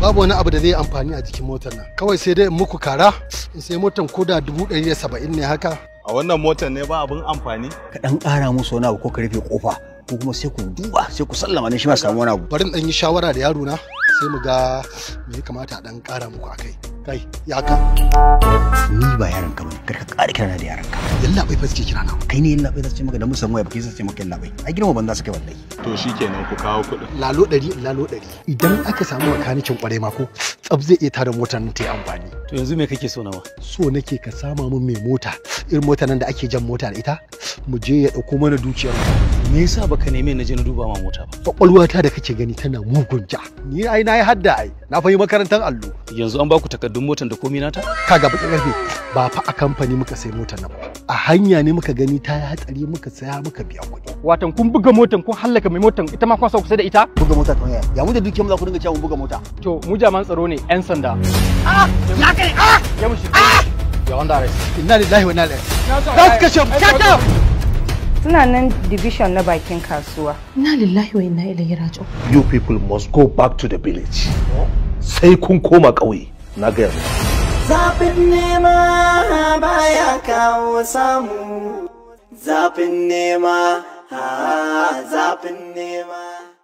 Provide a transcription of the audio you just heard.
babu wani abu da zai amfani a jikin motar nan kawai sai dai muku kara in sai motar koda dubu ɗari da saba'in ne haka a wannan motar ne ba abin amfani ka ɗan ƙara musu wani abu ko ka rufe ƙofa ko kuma sai ku duba sai ku sallama ne shi ma samu wani abu bari ɗan yi shawara da yaro na sai mu ga me ya kamata a dan kara muku akai kai ya ka ni ba yaran ka bane kar ka ƙara kirana da yaran ka yalla bai fasike kira na kai ne yalla bai zace maka da mu san waya ba kai zace maka yalla bai ai girma banza suka wallahi to shikenan ku kawo kuɗi lalo 100 lalo 100 idan aka samu makanikin kwarai ma ko tsab zai iya tada motar nan ta yi amfani to yanzu me kake so nawa so nake ka sama min mai mota irin motar nan da ake jan mota da ita mu je ya dauko mana dukiyar mu me yasa baka neme na je na duba ma mota ba ta da kake gani tana mugun ja ni ai na yi hadda ai na fahimci makarantar allo yanzu an baku takardun motar da komi nata kaga baki karfe ba fa a kamfani muka sai motar nan ba a hanya ne muka gani ta hatsari muka saya muka biya kuɗi watan kun buga motar kun hallaka mai motar ita ma kun sa kusa da ita buga mota ta yaya ya mu da dukiyar mu za ku dinga cewa buga mota to mu jaman tsaro ne yan sanda ah ya kai ah ya mushi ah ya wanda rai inna lillahi wa inna ilaihi shut up suna nan division na bakin kasuwa ina lillahi wa inna ilaihi raji'un you people must go back to the village sai kun koma ƙauye na gaya zafin nema baya kawo samu zafin nema ah, zafin nema